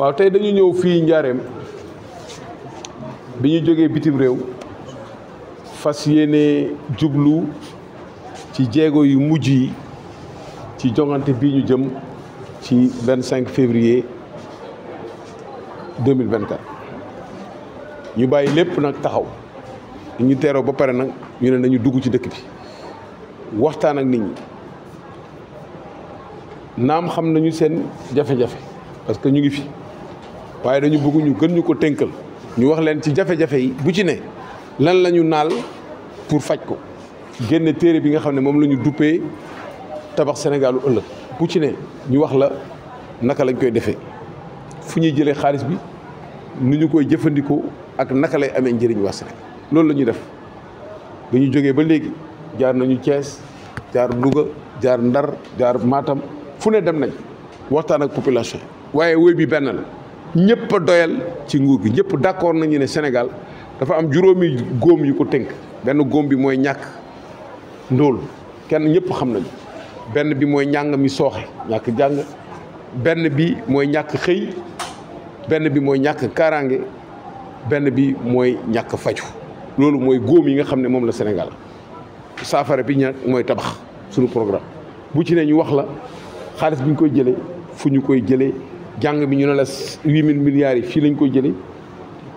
waaw tey dañu ñëw fii njaareem bi ñu jógee bitim réew fas yéene jublu ci jéego yu mujj yi ci joŋante bi ñu jëm ci 25 février 2024 ñu bàyyi lépp nag taxaw ñu teeroo ba pare nag ñu ne nañu dugg ci dëkk bi waxtaan ak nit ñi naam xam nañu seen jafe-jafe parce que ñu ngi fi. waaye dañu bëgg gën ñu ko tënkal ñu wax leen ci jafe-jafe yi bu ci ne lan la ñu naal pour faj ko génne téere bi nga xam ne moom la ñu duppee tabax Sénégalu ëllëg bu ci ne ñu wax la naka lañ koy defee fu ñuy jëlee xaalis bi nu ñu koy jëfandikoo ak naka lay amee njëriñ waa Sénégal loolu la ñuy def ba ñu jógee ba léegi jaar nañu Thiès jaar Louga jaar Ndar jaar maatam fu ne dem nañ waxtaan ak population waaye wéy bi benn la ñëpp doyal ci nguur gi ñëpp d'accord nañu ne senegal dafa am juróomi góom yu ko tënk benn góom bi mooy ñàkk ndóol kenn ñëpp xam nañu benn bi mooy njàng mi sooxe ñàkk jàng benn bi mooy ñàkk xëy benn bi mooy ñàkk kaaraange benn bi mooy ñàkk faju loolu mooy góom yi nga xam ne moom la senegal saafara bi ña mooy tabax sunu programme bu ci ne ñu wax la xaalis bi ñu koy jëlee fu ñu koy jëlee jàng bi ñu ne la huit mille milliards yi fii lañ ko jëlee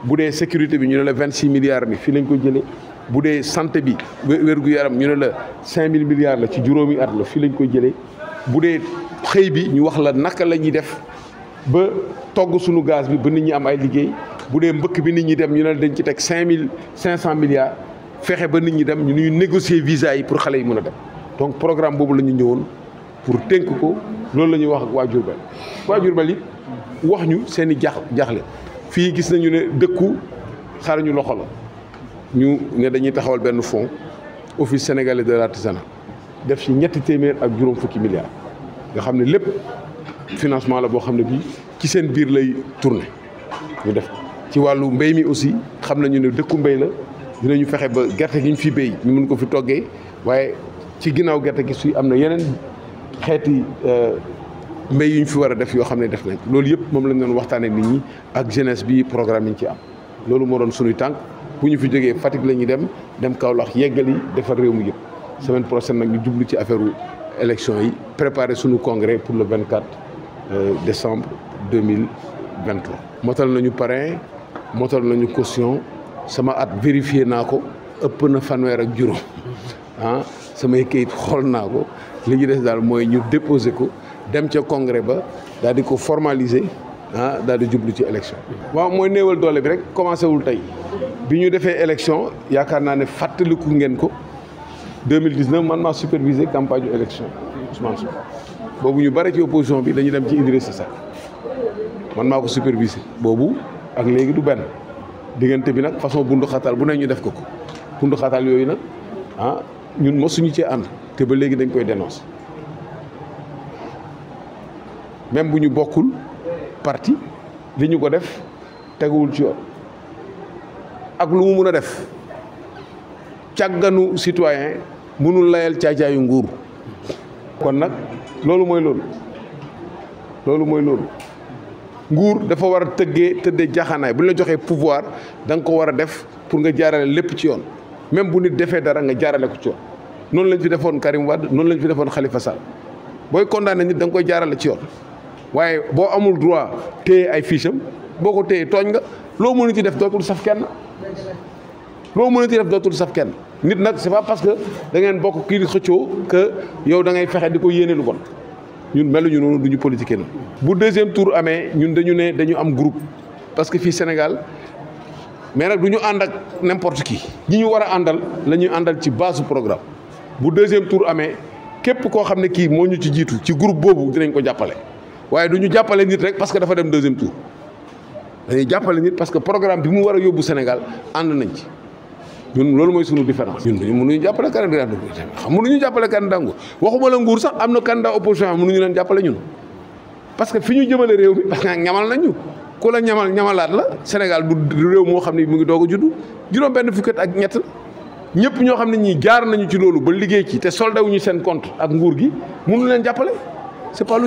bu dee sécurité bi ñu ne la vingt six milliards bi fii lañ ko jëlee bu dee santé bi wér-gu-yaram ñu ne la cinq mille milliards la ci juróomi at la fii lañ ko jëlee bu dee xëy bi ñu wax la naka la ñuy def ba togg suñu gaz bi ba nit ñi am ay liggéey bu dee mbëkk bi nit ñi dem ñu ne la dañ ci teg cinq mille cinq cent milliards fexe ba nit ñi dem ñu ñuy négocier visa yi pour xale yi mën a dem donc programme boobu la ñu ñëwoon pour tënk ko loolu la ñuy wax ak waa wax ñu seen i jax jaaxle fii gis nañu ne dëkku xaruñu loxo la ñu ne dañuy taxawal benn fonds office sénégalais de l'artisanat def ci ñetti téeméer ak juróom fukki milliards nga xam ne lépp financement la boo xam ne bi ci seen biir lay tourner ñu def ci wàllu mbéy mi aussi xam nañu ne dëkku mbéy la dinañu fexe ba gerte gi ñu fi béy ñu mun ko fi toggee waaye ci ginnaaw gerte gi si am na yeneen xeeti euh, mbéy yu ñu fi war a def yoo xam ne def nañ loolu yëpp moom lañ doon waxtaanee nit ñi ak jeunesse bi programme yi ñu ci am loolu moo doon suñuy tànk bu ñu fi jógee Fatick lañuy dem dem dem Kaolack yeggali defar réew mu yëpp semaine prochaine nag ñu jublu ci affaire élection yi préparer suñu congrès pour le 24 euh, décembre 2023. motal nañu parrain motal nañu caution sama at vérifié naa ko ëpp na fanweer ak juróom sama ah, samay kayit xool naa ko li ñu des daal mooy ñu déposer ko. dem ca congrès ba daal di ko formaliser ah daal di jublu ci élection. waaw mooy néewal doole bi rek commencé wul tey bi ñu defee élection yaakaar naa ne fàttaliku ngeen ko 2019 man maa superviser campagne yu élection Ousmane boobu ñu bare ci opposition bi dañu dem ci Idrissa sax man maa ko superviser boobu ak léegi du benn diggante bi nag façon bundu xatal bu ne ñu def ko ko bundu yooyu nag ah ñun mosuñu cee ànd te ba léegi dañ koy dénoncer. même bu ñu bokkul parti li ñu ko def teguwul ci yoon ak lu mu mun a def càgganu citoyen mënul layal caacaayu nguur kon nag loolu mooy loolu loolu mooy loolu nguur dafa war a tëggee tëddee jaxanaay bu ñu la joxee pouvoir da ko war a def pour nga jaarale lépp ci yoon même bu nit defee dara nga jaarale ko ci yoon noonu lañ fi defoon Karim Wade noonu lañ fi defoon Khalifa Sall booy condamné nit da nga koy jaarale ci yoon waaye boo amul droit téye ay fiche boo ko téye tooñ nga loo mënut ci def dootul saf kenn loo mënut ci def dootul kenn nit nag c'est pas parce que da ngeen bokk kii di xëccoo que yow da ngay fexe di ko yéene lu bon ñun meluñu noonu duñu politique na bu deuxième tour amee ñun dañu ne dañu am groupe parce que fii Sénégal mais nag du ñu ànd ak n'importe kii ñi ñu war a àndal lañuy àndal ci base programme bu deuxième tour amee képp koo xam ne kii moo ñu ci jiitu ci groupe boobu dinañ ko jàppale waaye du ñu jàppale nit rek parce que dafa dem deuxième tour dañuy jàppale nit parce que programme bi mu war a yóbbu Sénégal ànd nañ ci ñun loolu mooy suñu différence. ñun dañu mënuñu jàppale candidat nguur xam mënuñu jàppale candidat nguur waxuma la nguur sax am na candidat opposition ñu leen jàppale ñun parce que fi ñu jëmale réew mi parce que ñamal nañ ñu ku la ñamal ñamalaat la Sénégal du réew moo xam ne mu ngi doog a juddu juróom benn fukki ak ñett ñëpp ñoo xam ne ñii jaar nañu ci loolu ba liggéey ci te soldé wuñu seen compte ak nguur gi mënu leen jàppale c'est pas